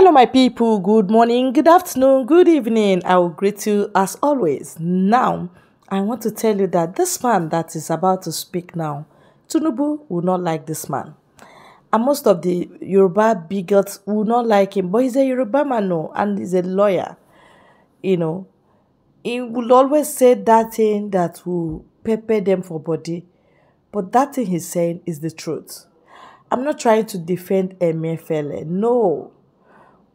Hello, my people. Good morning, good afternoon, good evening. I will greet you as always. Now, I want to tell you that this man that is about to speak now, Tunubu, will not like this man. And most of the Yoruba bigots will not like him, but he's a Yoruba man, no, and he's a lawyer. You know, he will always say that thing that will prepare them for body, but that thing he's saying is the truth. I'm not trying to defend Emefele, no.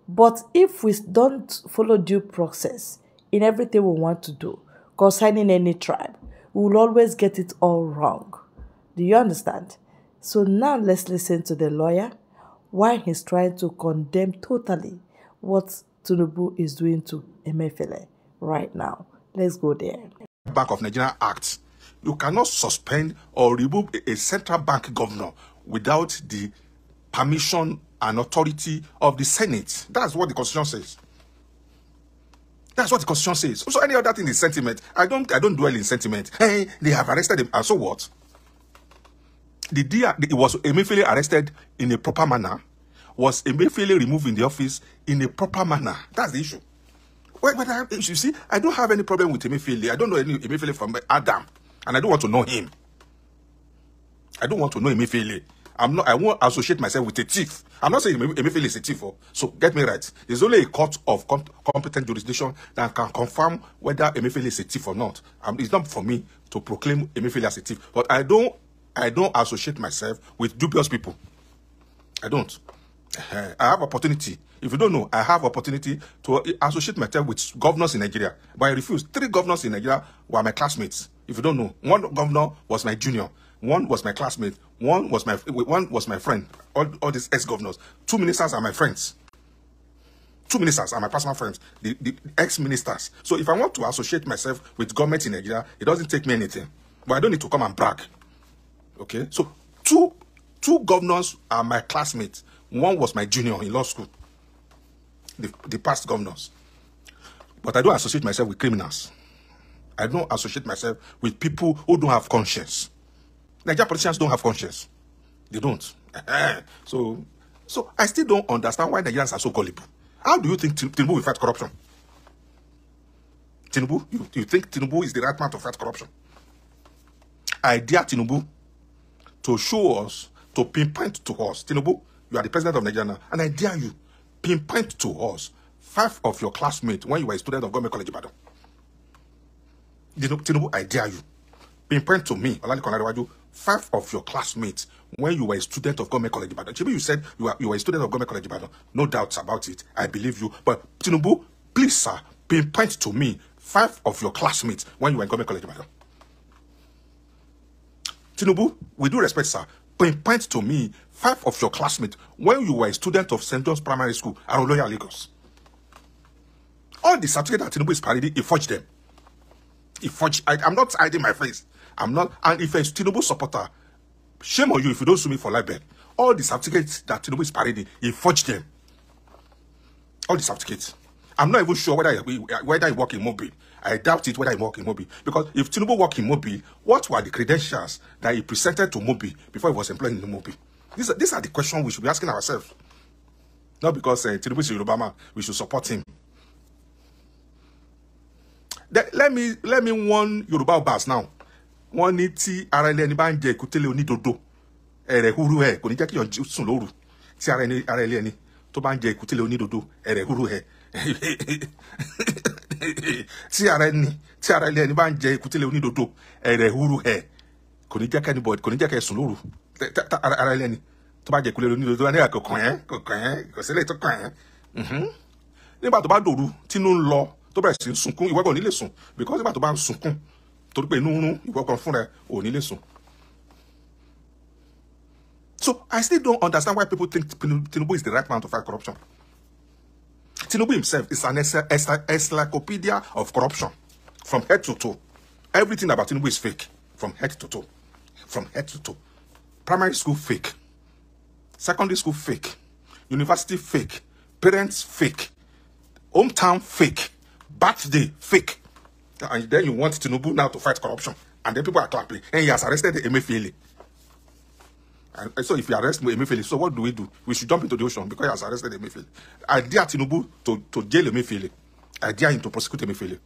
But if we don't follow due process in everything we want to do concerning any tribe, we will always get it all wrong. Do you understand? So now let's listen to the lawyer why he's trying to condemn totally what Tunubu is doing to Emefele right now. Let's go there. Bank of Nigeria Act. You cannot suspend or remove a central bank governor without the permission an authority of the Senate. That's what the Constitution says. That's what the Constitution says. So any other thing is sentiment. I don't I don't dwell in sentiment. Hey, they have arrested him. And so what? The It was immediately arrested in a proper manner, was immediately removed in the office in a proper manner. That's the issue. Well, but I, you see, I don't have any problem with Emefiele. I don't know any Emefiele from Adam, and I don't want to know him. I don't want to know Emefiele. I'm not, I won't associate myself with a thief. I'm not saying Emefiele is a thief. Oh. So get me right. There's only a court of competent jurisdiction that can confirm whether Emefiele is a thief or not. Um, it's not for me to proclaim Emefiele as a thief. But I don't, I don't associate myself with dubious people. I don't. I have opportunity. If you don't know, I have opportunity to associate myself with governors in Nigeria. But I refuse. Three governors in Nigeria were my classmates. If you don't know, one governor was my junior. One was my classmate. One was my one was my friend. All, all these ex-governors. Two ministers are my friends. Two ministers are my personal friends, the, the ex-ministers. So if I want to associate myself with government in Nigeria, it doesn't take me anything. But I don't need to come and brag. Okay? So two two governors are my classmates. One was my junior in law school. The, the past governors. But I don't associate myself with criminals. I don't associate myself with people who don't have conscience. Nigerian politicians don't have conscience. They don't. so, so I still don't understand why Nigerians are so gullible. How do you think Tinubu will fight corruption? Tinubu, you, you think Tinubu is the right man to fight corruption? I dare Tinubu to show us, to pinpoint to us. Tinubu, you are the president of Nigeria now, and I dare you, pinpoint to us five of your classmates when you were a student of Government College Ibadan. Tinubu, I dare you, pinpoint to me, Olani Konarewaju, five of your classmates when you were a student of Government College Ibadan. Chibi, you said you were, you were a student of Government College Ibadan. No doubts about it. I believe you. But Tinubu, please, sir, pinpoint to me five of your classmates when you were in Government College Ibadan. Tinubu, we do respect, sir, pinpoint to me five of your classmates when you were a student of St. John's Primary School, Aroloya, Lagos. All the certificate that Tinubu is parading, he forged them. He forged. I, I'm not hiding my face. I'm not. And if a Tinubu supporter, shame on you if you don't sue me for libel. All the certificates that Tinubu is parading, he forged them. All the certificates. I'm not even sure whether he, whether he work in Mobi. I doubt it whether he work in Mobi. Because if Tinubu work in Mobi, what were the credentials that he presented to Mobi before he was employed in Mobi? These are, these are the questions we should be asking ourselves. Not because uh, Tinubu is Obama, we should support him. let me let me warn Yoruba bars now wọ́n ní tí ara ilé ẹni bá ń jẹ ìkútélé onídodo ẹ̀rẹ̀ húrú ẹ̀ kò ní jẹ́ kí yàn sùn lóru tí ara ilé ẹni tó bá ń jẹ ìkútélé onídodo ẹ̀rẹ̀ húrú ẹ̀ tí ara ẹni tí ara ilé ẹni bá ń jẹ ìkútélé onídodo ẹ̀rẹ̀ húrú ẹ̀ kò ní jẹ́ kẹ́ni bọ̀ kò ní jẹ́ kẹ́ sùn lóru ara ilé ẹni tó bá jẹ ìkútélé onídodo ẹ̀ kò kàn ẹ́ kò kàn ẹ́ kò sílẹ̀ tó kàn ẹ́ mm-hmm. nígbà tó bá dòru tínú ń lọ tó bẹ̀rẹ̀ sí sunkún ìwọ́gbọ̀n nílé sùn because nígbà tó bá ń sunkún torí pé inú rún ìwọ kan fúnra ẹ ò ní lè sùn. So I still don't understand why people think Tinubu is the right man to fight corruption. Tinubu himself is an encyclopedia of corruption from head to toe. Everything about Tinubu is fake from head to toe. From head to toe. Primary school fake. Secondary school fake. University fake. Parents fake. Hometown fake. Birthday fake. And then you want Tinubu now to fight corruption. And then people are clapping. And he has arrested Emefiele. And so if you arrest Emefiele, so what do we do? We should jump into the ocean because he has arrested Emefiele. I dare Tinubu to, to jail Emefiele. I dare him to prosecute Emefiele.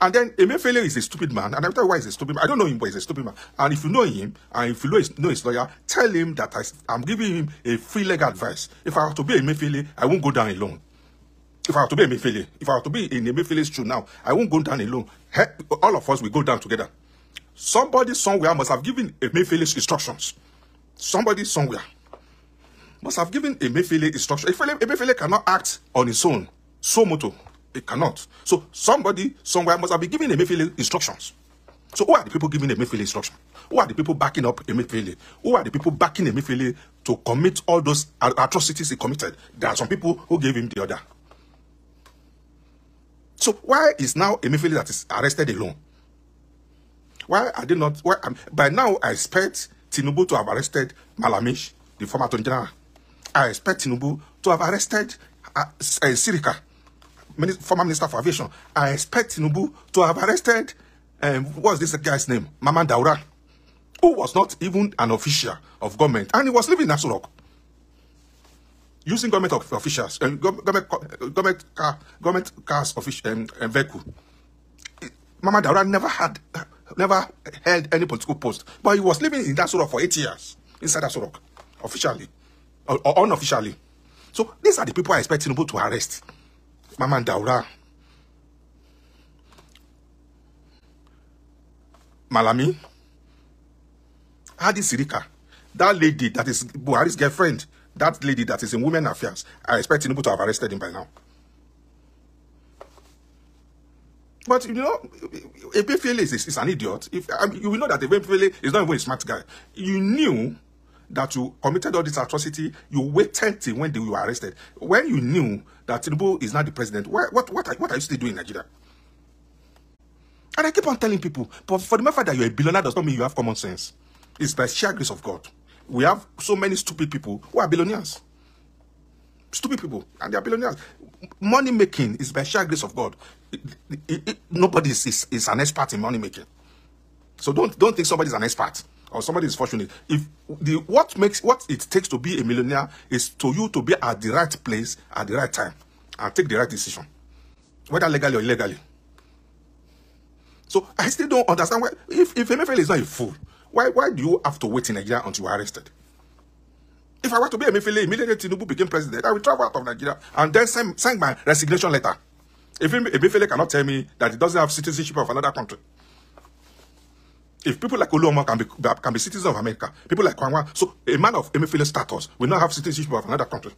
And then Emefiele is a stupid man. And I tell you why he's a stupid man. I don't know him, but he's a stupid man. And if you know him, and if you know his, know his lawyer, tell him that I, am giving him a free legal advice. If I have to be Emefiele, I won't go down alone. If I were to be a Mefele, if I were to be in a Mefele's shoe now, I won't go down alone. all of us will go down together. Somebody somewhere must have given a Emefele's instructions. Somebody somewhere must have given a Emefele instructions. Emefele cannot act on his own. So moto, it cannot. So somebody somewhere must have been giving Emefele instructions. So who are the people giving Emefele instruction? Who are the people backing up a Emefele? Who are the people backing a Emefele to commit all those atrocities he committed? There are some people who gave him the order. So why is now Emefiele that is arrested alone? Why are they not? Why, um, by now, I expect Tinubu to have arrested Malamish, the former attorney general. I expect Tinubu to have arrested uh, uh, Sirika, former minister for aviation. I expect Tinubu to have arrested, um, what's this guy's name? Maman Daura, who was not even an official of government, and he was living in Asurok. using government officials, and um, government, uh, government, car, government cars official and um, uh, vehicle. Mama Dara never had, never held any political post, but he was living in that sort of for eight years inside that sort officially or, or, unofficially. So these are the people I expect Tinubu to arrest. Mama Daura, Malami, Hadi Sirika, that lady that is Buhari's girlfriend. That lady that is in women affairs, I expect Tinubu to have arrested him by now. But you know, Epiphele is, is, an idiot. If I mean, you will know that Epiphele is not even a smart guy. You knew that you committed all this atrocity. You waited till when they were arrested. When you knew that Tinubu is not the president, what, what, are, what are you still doing in Nigeria? And I keep on telling people, but for the matter that you're a billionaire does not mean you have common sense. It's by sheer grace of God we have so many stupid people who are billionaires. Stupid people, and they are billionaires. Money making is by sheer grace of God. It, it, it, nobody is, is, is an expert in money making. So don't don't think is an expert or somebody is fortunate. If the what makes what it takes to be a millionaire is to you to be at the right place at the right time and take the right decision, whether legally or illegally. So I still don't understand why if if MFL is not a fool, why, why do you have to wait in Nigeria until you are arrested? If I were to be a Mifilé, immediately Tinubu became president, I would travel out of Nigeria and then send send my resignation letter. If Mifilé cannot tell me that he doesn't have citizenship of another country. If people like Oluoma can be, can be citizens of America, people like Kwangwa, so a man of Emefiele status will not have citizenship of another country.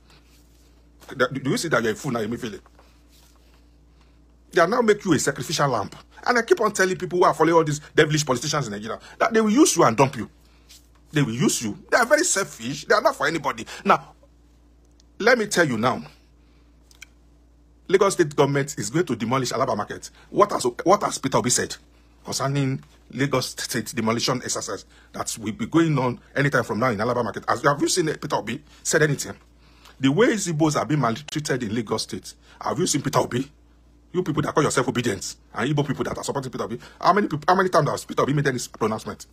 Do you see that you're a fool now, Mifilé? they are now make you a sacrificial lamb. And I keep on telling people who are following all these devilish politicians in Nigeria that they will use you and dump you. They will use you. They are very selfish. They are not for anybody. Now, let me tell you now. Lagos state government is going to demolish Alaba Market. What has, what has Peter Obi said concerning Lagos state demolition exercise that will be going on anytime from now in Alaba Market? As, have you seen Peter Obi said anything? The way zibos are being maltreated in Lagos state, have you seen Peter Obi you people that call yourself obedient and Igbo people that are supporting Peter B. How many people, how many times has Peter B made any pronouncement?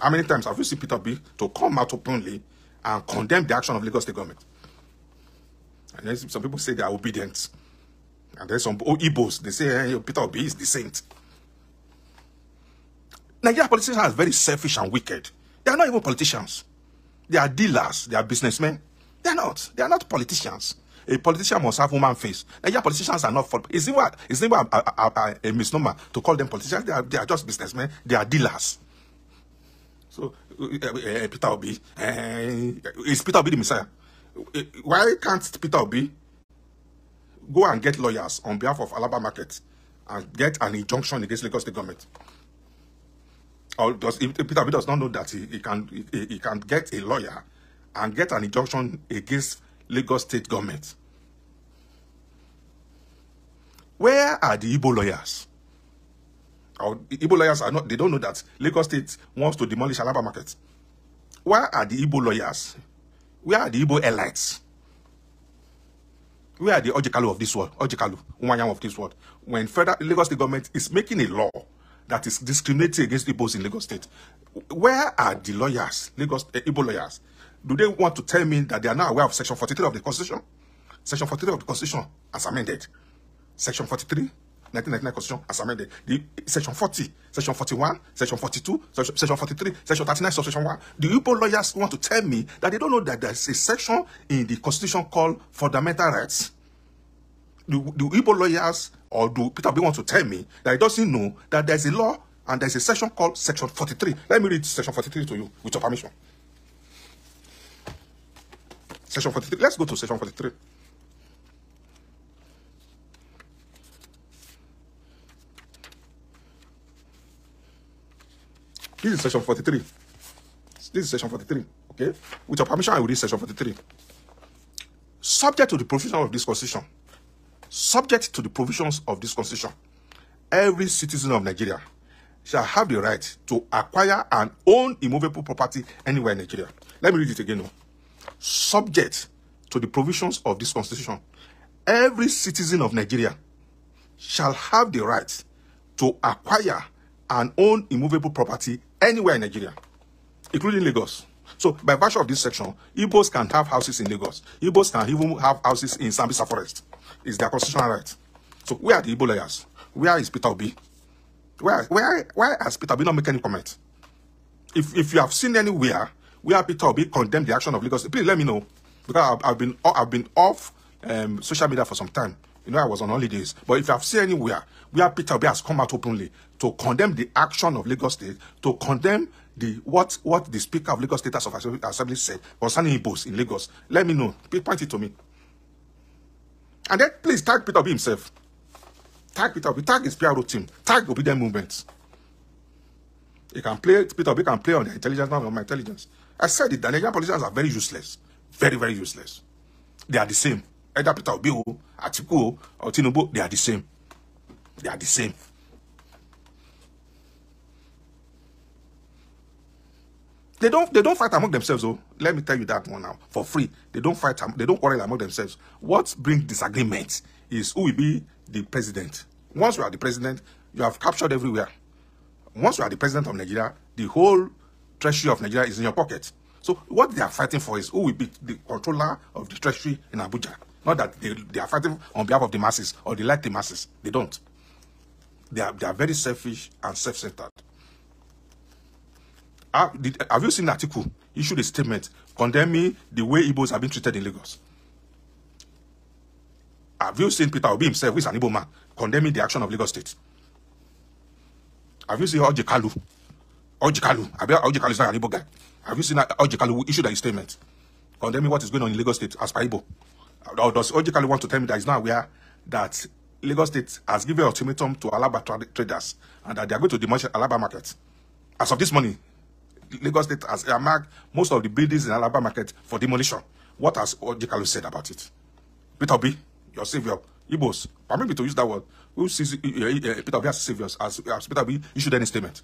How many times have you seen Peter B to come out openly and condemn the action of Lagos State government? And then some people say they are obedient. And then some oh, Igbos, they say hey, Peter B. is the saint. Nigeria politicians are very selfish and wicked. They are not even politicians. They are dealers. They are businessmen. They are not. They are not politicians. A politician must have human face. And Nigerian politicians are not for. It's even, it's even a, a, a, a misnomer to call them politicians. They are, they are just businessmen. They are dealers. So, uh, uh, Peter Obi, uh, is Peter Obi the Messiah? Uh, why can't Peter Obi go and get lawyers on behalf of Alaba Market and get an injunction against Lagos State government? Or does if Peter Obi does not know that he, he can he, he can get a lawyer and get an injunction against Lagos state government. Where are the Igbo lawyers? Our Igbo lawyers are not, they don't know that Lagos state wants to demolish Alaba market. Where are the Igbo lawyers? Where are the Igbo elites? Where are the Ojikalu of this world? Ojikalu, Umayam of this world. When federal Lagos state government is making a law that is discriminating against Igbos in Lagos state, where are the lawyers, Lagos uh, Igbo lawyers? do they want to tell me that they are now aware of Section 43 of the Constitution? Section 43 of the Constitution as amended. Section 43, 1999 Constitution as amended. The, section 40, Section 41, Section 42, Section, section 43, Section 39, Section 1. you, poor lawyers want to tell me that they don't know that there's a section in the Constitution called Fundamental Rights. Do the Igbo lawyers or do Peter B want to tell me that he doesn't know that there's a law and there's a section called Section 43. Let me read Section 43 to you with your permission. Section 43. Let's go to section 43. This is section 43. This is section 43. Okay? With your permission, I will read section 43. Subject to the provision of this constitution. Subject to the provisions of this constitution. Every citizen of Nigeria shall have the right to acquire and own immovable property anywhere in Nigeria. Let me read it again. Now. Oh subject to the provisions of this constitution, every citizen of Nigeria shall have the right to acquire and own immovable property anywhere in Nigeria, including Lagos. So by virtue of this section, Igbos can have houses in Lagos. Igbos can even have houses in Sambisa Forest. It's their constitutional right. So where are the Igbo lawyers? Where is Peter Obi? Where, where, where has Peter Obi not made any comment? If, if you have seen anywhere we have Peter Obi condemned the action of Lagos. Please let me know because I've, I've been I've been off um, social media for some time. You know, I was on holidays. But if I've seen anywhere where Peter Obi has come out openly to condemn the action of Lagos State, to condemn the what what the Speaker of Lagos State of Assembly said concerning Igbos in Lagos, let me know. Please Point it to me. And then please tag Peter Obi himself. Tag Peter Obi. Tag his PRO team. Tag Obedient Movement. He can play, Peter Obi can play on the intelligence, not on my intelligence. I said it, the Nigerian politicians are very useless. Very, very useless. They are the same. Either Peter Obi or Atiku or Tinubu, they are the same. They are the same. They don't they don't fight among themselves, though. Let me tell you that one now. For free. They don't fight they don't quarrel among themselves. What brings disagreement is who will be the president. Once you are the president, you have captured everywhere. Once you are the president of Nigeria, the whole treasury of Nigeria is in your pocket. So what they are fighting for is who will be the controller of the treasury in Abuja. Not that they, they are fighting on behalf of the masses or they like the masses. They don't. They are, they are very selfish and self-centered. Have, ah, have you seen article? Issued a statement condemning the way Igbos have been treated in Lagos. Have you seen Peter Obi himself, who is an Igbo man, condemning the action of Lagos State? Have you seen Oji Kalu, Ojikalu, have you Ojikalu is not an Igbo guy. Have you seen Ojikalu who issued a statement condemning what is going on in Lagos State as per Or does Ojikalu want to tell me that he's not aware that Lagos State has given ultimatum to Alaba tra traders and that they are going to demolish Alaba market? As of this morning, Lagos State has earmarked most of the buildings in Alaba market for demolition. What has Ojikalu said about it? Peter B, your savior, Igbos, permit me to use that word. Who sees uh, uh, Peter B as saviors, as, as Peter B issued any statement?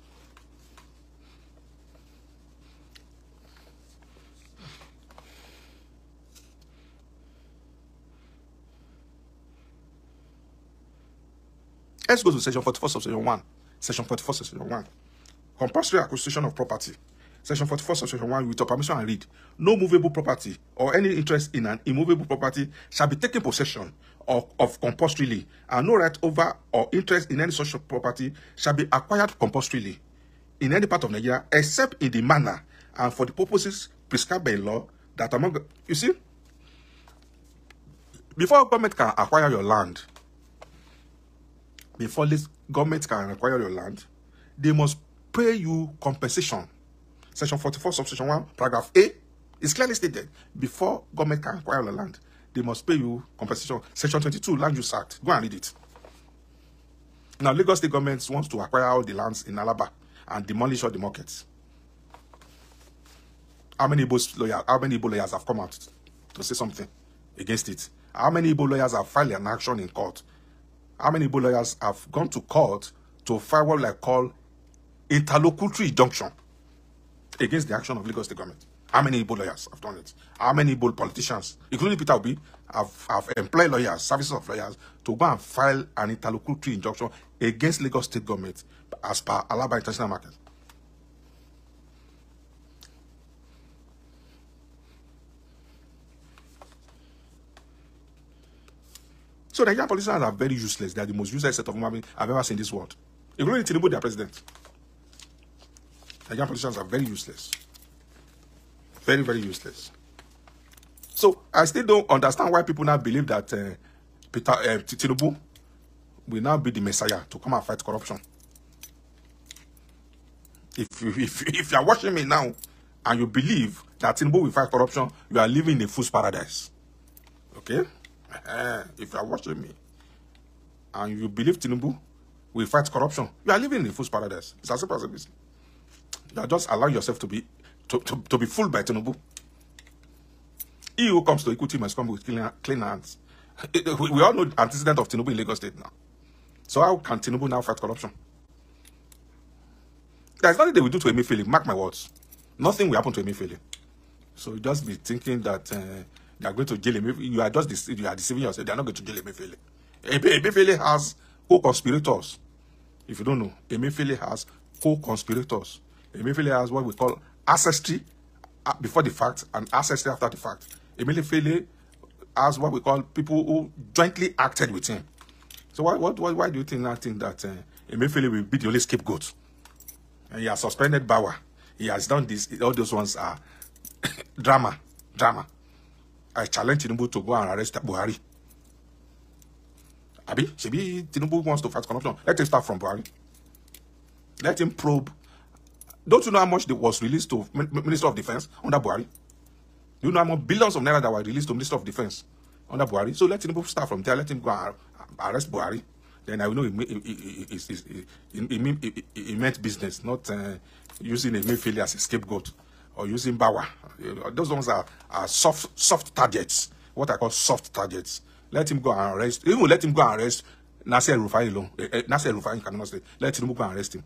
Let's go to section 44, subsection 1. Section 44, subsection 1. Compulsory acquisition of property. Section 44, subsection 1, with your permission and read. No movable property or any interest in an immovable property shall be taken possession of, of compulsorily, and no right over or interest in any such property shall be acquired compulsorily in any part of Nigeria except in the manner and for the purposes prescribed by law that among you see before government can acquire your land before this government can acquire your land, they must pay you compensation. Section 44, subsection 1, paragraph A is clearly stated. Before government can acquire your land, they must pay you compensation. Section 22, Land Use Act. Go and read it. Now, Lagos State government wants to acquire all the lands in Alaba and demolish all the markets. How many Igbo lawyers, how many Igbo lawyers have come out to say something against it? How many Igbo lawyers have filed an action in court how many lawyers have gone to court to file what I call interlocutory injunction against the action of Lagos State government? How many Igbo lawyers have done it? How many Igbo politicians, including Peter Obi, have, have employed lawyers, services of lawyers, to go and file an interlocutory injunction against Lagos State government as per Alaba International Market? So Nigerian politicians are very useless. They are the most useless set of mummy I've ever seen in this world. Including Tinubu, their president. Nigerian politicians are very useless. Very, very useless. So I still don't understand why people now believe that uh, Peter uh, Tinubu will now be the messiah to come and fight corruption. If you, if, if you are watching me now and you believe that Tinubu will fight corruption, you are living in a fool's paradise. Okay? Eh, if you are watching me and you believe Tinubu will fight corruption, you are living in a fool's paradise. It's as simple as it is. You are just allowing yourself to be to, to, to be fooled by Tinubu. He who comes to equity must come with clean, clean hands. Eh, eh, we, we all know the antecedent of Tinubu in Lagos State now. So how can Tinubu now fight corruption? There's nothing they will do to Philip. mark my words. Nothing will happen to Philip. So just be thinking that uh, they are going to jail Emefiele. You are just you are deceiving yourself. They are not going to jail Emefiele. Emefiele has co-conspirators. If you don't know, Emefiele has co-conspirators. Emefiele has what we call ancestry uh, before the fact and ancestry after the fact. Emefiele has what we call people who jointly acted with him. So why, what, why, why do you think I think that uh, Emefiele will be the only scapegoat? And he has suspended Bawa. He has done this. All those ones are drama, drama. I challenge Tinubu to go and arrest Buhari. Abi, Sebi, Tinubu wants to fight corruption. Let him start from Buhari. Let him probe. Don't you know how much that was released to Minister of Defence under Buhari? Do you know how much billions of naira that were released to Minister of Defence under Buhari? So let Tinubu start from there. Let him go and arrest Buhari. Then I will know he meant business, not uh, using a Mayfield as a scapegoat or using Bawa. Uh, those ones are, are soft soft targets, what I call soft targets. Let him go and arrest, even let him go and arrest Nasser Rufai alone. Eh, eh, Nasser Rufai cannot say. Let him go and arrest him.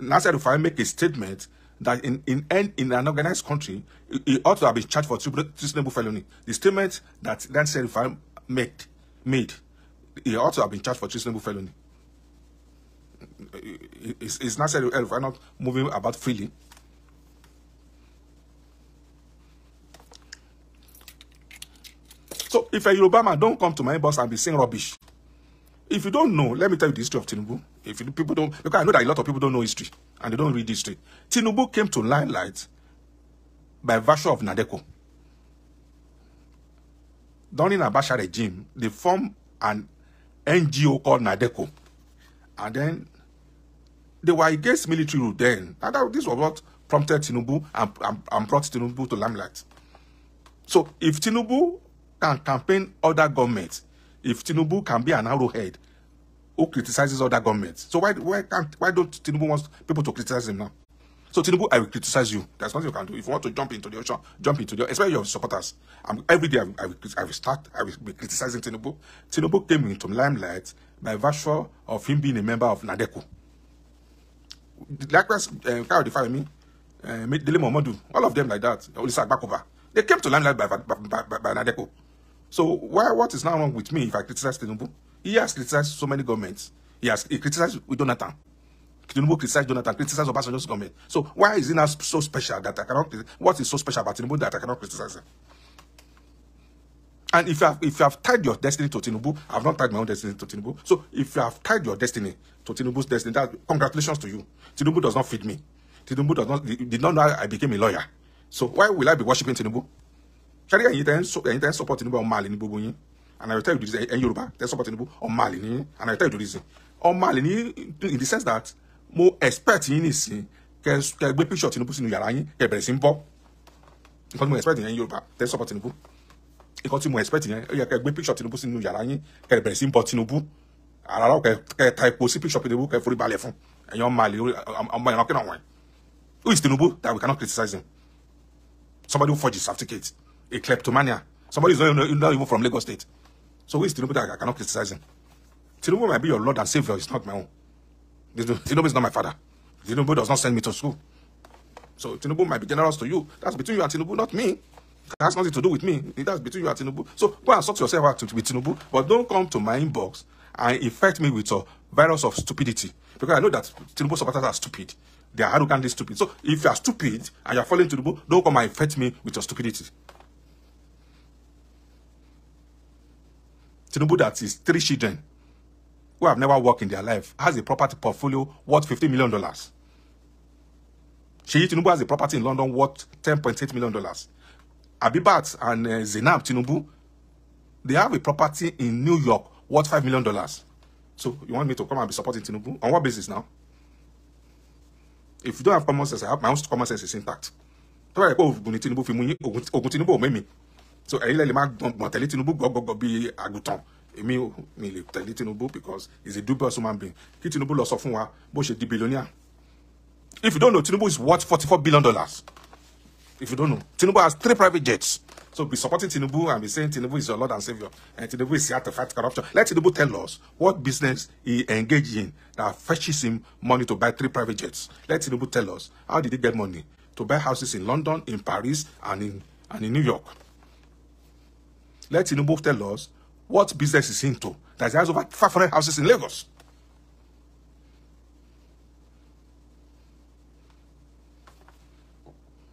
Nasser Rufai make a statement that in, in, in an organized country, he ought to have been charged for treasonable felony. The statement that Nasser Rufai made, made, he ought to have been charged for treasonable felony. Is, is Nasser Rufai not moving about freely? So if a Yoruba man don't come to my inbox and be saying rubbish, if you don't know, let me tell you the history of Tinubu. If you, people don't, because I know that a lot of people don't know history and they don't read history. Tinubu came to limelight by virtue of Nadeko. During Abacha regime, they formed an NGO called Nadeko. And then they were against military rule then. And that, this was what prompted Tinubu and, and, and brought Tinubu to limelight. So if Tinubu and campaign other governments. If Tinubu can be an arrowhead who criticizes other governments, so why why can't why don't Tinubu wants people to criticize him now? So Tinubu, I will criticize you. There's nothing you can do. If you want to jump into the ocean, jump into the especially your supporters. I'm, every day I will, I, will, start. I will be criticizing Tinubu. Tinubu came into limelight by virtue of him being a member of Nadeco. Likewise, uh, eh, Kyle Defayemi, uh, eh, Dele Momodu, all of them like that, Olisa Agbakoba, they came to limelight by, by, by, by, by So why, what is now wrong with me if I criticize Tinubu? He has criticized so many governments. He has he criticized Jonathan. Tinubu criticized Jonathan, criticized Obasanjo's government. So why is it now so special that I cannot What is so special about Tinubu that I cannot criticize him? And if you have, if you have tied your destiny to Tinubu, I've not tied my own destiny to Tinubu. So if you have tied your destiny to Tinubu's destiny, that, congratulations to you. Tinubu does not feed me. Tinubu does not, did not know I became a lawyer. So why will I be worshipping Tinubu? ṣẹ́rí ẹ̀yin tẹ́ ń support Tinubu ọmọ àlè ní gbogbo yín ànàyọ̀tẹ́ ìdòdìsìn ẹ̀yin Yorùbá tẹ́ support Tinubu ọmọ àlè ní you ìdòdìsìn ọmọ àlè ní in the sense that mo expect yín nìsín kẹ gbé picture Tinubu sínú yàrá yín kẹ bẹ̀rẹ̀ sí ń bọ́ Because tí mo expect yẹn Yorùbá tẹ́ support Tinubu nǹkan tí mo expect yẹn ó yẹ kẹ gbé picture Tinubu sínú yàrá yín kẹ bẹ̀rẹ̀ sí ń bọ́ Tinubu àràrà kẹ ta epo sí picture Tinubu kẹ forí balẹ̀ fún ẹ̀yin ọmọ àlè ọmọ ìrànkínà wọn who is Tinubu that we cannot criticize him somebody who forges his certificate a kleptomania. Somebody is not, not even from Lagos State. So who is Tinubu that I cannot criticize him? Tinubu might be your Lord and Savior. It's not my own. Tinubu is not my father. Tinubu does not send me to school. So Tinubu might be generous to you. That's between you and Tinubu, not me. That's nothing to do with me. That's between you and Tinubu. So go and sort yourself out with Tinubu, but don't come to my inbox and infect me with a virus of stupidity. Because I know that Tinubu supporters are stupid. They are arrogantly stupid. So if you are stupid and you are following Tinubu, don't come and infect me with your stupidity. Tinubu that is three children who have never worked in their life has a property portfolio worth $50 million. Sheyi Tinubu has a property in London worth $10.8 million. Abibat and uh, Zainab Tinubu, they have a property in New York worth $5 million. So you want me to come and be supporting Tinubu? On what basis now? If you don't have common sense, I have my own common sense is intact. Tó bá yẹ pé Tinubu fi mú yín, Tinubu ò mẹ́mi so ẹ̀yin lẹ́lẹ̀ máa gbọ̀n tẹ̀lé Tinubu gbọ̀gbọ̀gbọ̀ bí àgùntàn èmi ò mi lè tẹ̀lé Tinubu because he's a dubious human being kí Tinubu lọ sọ fún wa bó ṣe di billionaire if you don't know Tinubu is worth forty four billion dollars if you don't know Tinubu has three private jets so be supporting Tinubu and be saying Tinubu is your Lord and Savior and Tinubu is here to fight corruption let Tinubu tell us what business he engage in that fetches him money to buy three private jets let Tinubu tell us how did he get money to buy houses in London in Paris and in and in New York. Let Tinubu tell us what business is into that he has over 500 houses in Lagos.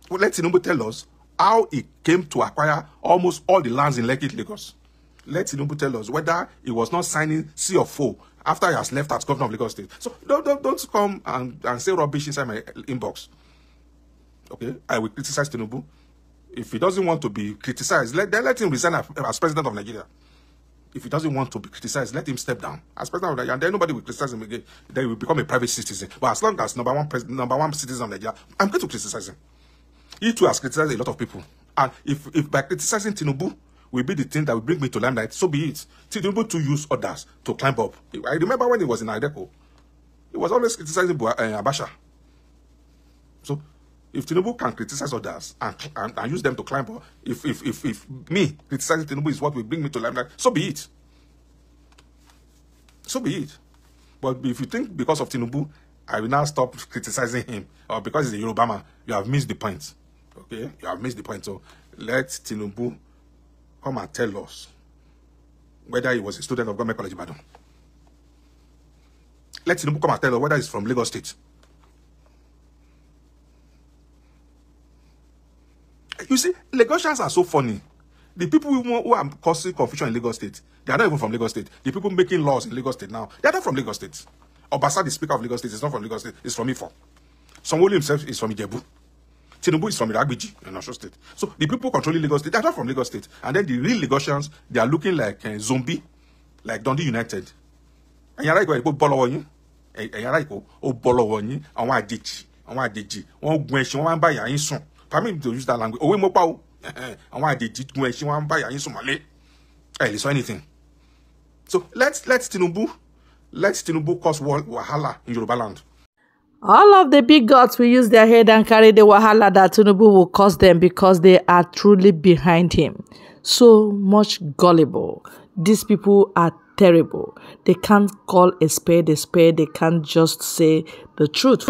let Tinubu tell us how he came to acquire almost all the lands in Lekki, Lagos. Let Tinubu tell us whether he was not signing C or FO after he has left as governor of Lagos State. So don't, don't, don't come and, and say rubbish inside my inbox. Okay, I will criticize Tinubu. If he doesn't want to be criticized, let, then let him resign as president of Nigeria. If he doesn't want to be criticized, let him step down as president of Nigeria. And then nobody will criticize him again. Then he will become a private citizen. But as long as number one number one citizen of Nigeria, I'm going to criticize him. He too has criticized a lot of people. And if, if by criticizing Tinubu, will be the thing that will bring me to limelight, so be it. Tinubu to use others to climb up. I remember when he was in Adeco, he was always criticizing eh, Abasha. So if Tinubu can criticize others and, and, and use them to climb, if, if, if, if me criticizing Tinubu is what will bring me to limelight, so be it. So be it. But if you think because of Tinubu, I will now stop criticizing him, or because he's a Yoruba you have missed the point. Okay? You have missed the point. So let Tinubu come and tell us whether he was a student of Government College Ibadan. Let Tinubu come and tell us whether he's from Lagos State. you see, Lagosians are so funny. The people who, who are causing confusion in Lagos State, they are not even from Lagos State. The people making laws in Lagos State now, they are not from Lagos State. Obasa, the Speaker of Lagos State, is not from Lagos State. It's from Ifo. sanwo himself is from Ijebu. Tinubu is from Iragbiji in national State. So the people controlling Lagos State, they are not from Lagos State. And then the real Lagosians, they are looking like uh, zombie, like Dundee United. Ẹ̀yin ará Èkó bọ́ lọ́wọ́ yín. Ẹ̀yin ará Èkó ó bọ́ lọ́wọ́ yín. Àwọn àjèjì, àwọn àjèjì, wọ́n gun ẹṣin, wọ́n máa ń bá ìyá yín sùn permit me to use that language òwe mo pa o àwọn àjèjì gun ẹṣin wọn bá yàyín sùn mọ́lé ẹ lè anything so let let Tinubu let Tinubu cause wahala in Yoruba land. All of the big gods will use their head and carry the wahala that Tinubu will cause them because they are truly behind him. So much gullible. These people are terrible. They can't call a spade a spade. They can't just say the truth.